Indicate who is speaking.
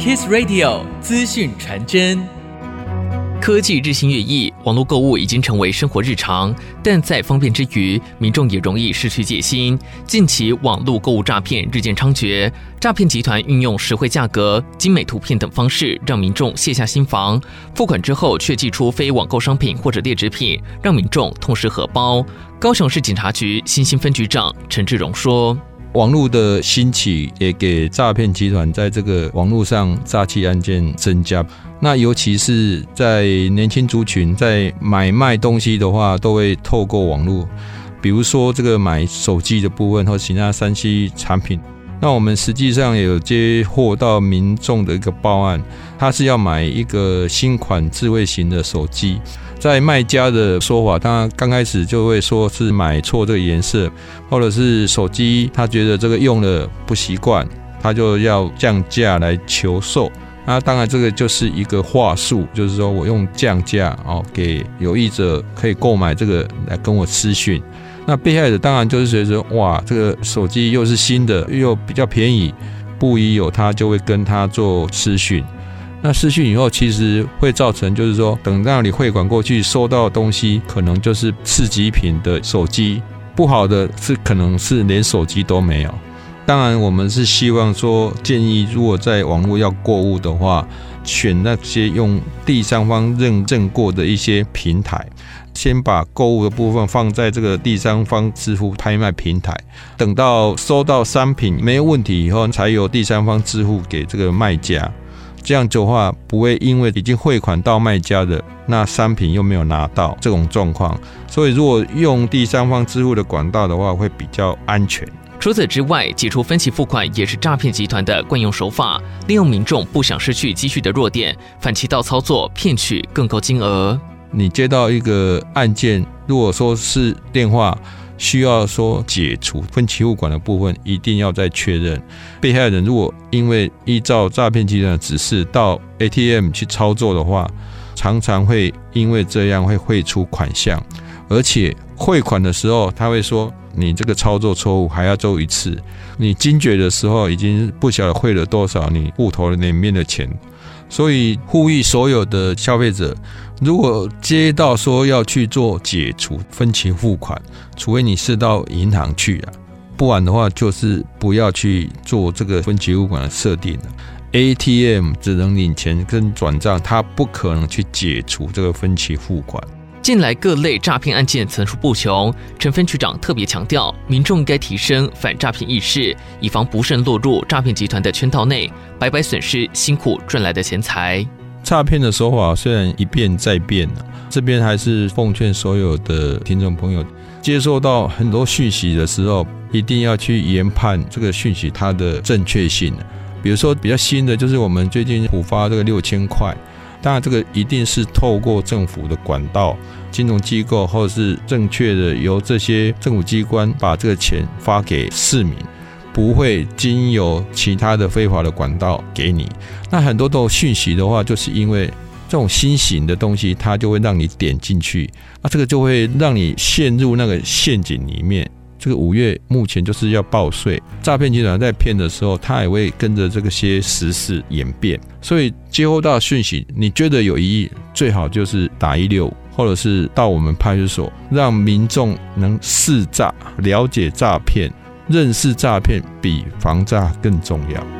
Speaker 1: Kiss Radio 資訊傳真。科技日新月異，網絡購物已經成為生活日常。但在方便之餘，民眾也容易失去戒心。近期網絡購物詐騙日漸猖獗，詐騙集團運用實惠價格、精美圖片等方式，讓民眾卸下心防，付款之後，卻寄出非網購商品或者劣質品，讓民眾痛失荷包。高雄市警察局新興分局長陳志榮說。網絡的興起，也給詐騙集團在
Speaker 2: 這個網絡上詐欺案件增加。那尤其是在年輕族群在買賣東西的話，都會透過網絡，比如說這個買手機的部分和其他 3C 產品。那我們實際上有接獲到民眾的一個報案，他是要買一個新款智慧型的手機。在賣家的說法，他剛開始就會說是買錯這個顏色，或者是手機他覺得這個用了不習慣，他就要降價來求售。那當然這個就是一個話術，就是說我用降價哦，給有意者可以購買這個來跟我私訊。那被害者當然就是覺得哇，這個手機又是新的，又比較便宜，不疑有他就會跟他做私訊。那私訊以後，其實會造成就是說，等到你匯款過去，收到的東西可能就是次級品的手機，不好的是可能是連手機都沒有。當然，我們是希望說，建議如果在網絡要購物的話，選那些用第三方認證過的一些平台，先把購物的部分放在這個第三方支付拍賣平台，等到收到商品沒問題以後，才由第三方支付給這個賣家。這樣子的話，不會因為已經匯款到賣家的那商品又沒有拿到這種狀況。所以，如果用第三方支付的管道的話，
Speaker 1: 會比較安全。除此之外，解除分期付款也是詐騙集團的慣用手法，利用民眾不想失去積蓄的弱點，反其道操作，騙取更高金額。你接到一個案件，如果說是電話，需要說
Speaker 2: 解除分期付款的部分，一定要再確認。被害人如果因為依照詐騙集團的指示到 ATM 去操作的話，常常會因為這樣會匯出款項，而且匯款的時候他會說，你這個操作錯誤還要做一次，你驚覺的時候已經不曉得匯了多少，你戶頭裡面的錢，所以呼籲所有的消費者，如果接到說要去做解除分期付款，除非你是到銀行去啊，不然的話就是不要去做這個分期付款的設定。ATM 只能領錢跟轉賬，它不可能去解除這個分期付款。
Speaker 1: 近來各類詐騙案件層出不窮，陳分局長特別強調，民眾應該提升反詐騙意識，以防不慎落入詐騙集團的圈套內，白白損失辛苦賺來的錢財。詐騙的手法雖然一變再變，
Speaker 2: 這邊還是奉勸所有的聽眾朋友，接受到很多訊息的時候，一定要去研判這個訊息它的正確性。比如說比較新的，就是我們最近普發這個六千塊。當然，這個一定是透過政府的管道、金融機構，或者是正確的由這些政府機關把這個錢發給市民，不會經由其他的非法的管道給你。那很多的訊息的話，就是因為這種新型的東西，它就會讓你點進去，那這個就會讓你陷入那個陷阱裡面。這個五月目前就是要報稅，詐騙集團在騙的時候，他也會跟着這個些時事演變，所以接獲到訊息，你覺得有疑義，最好就是打一六五，或者是到我們派出所，讓民眾能識詐、了解詐騙、認識詐騙，比防詐更重要。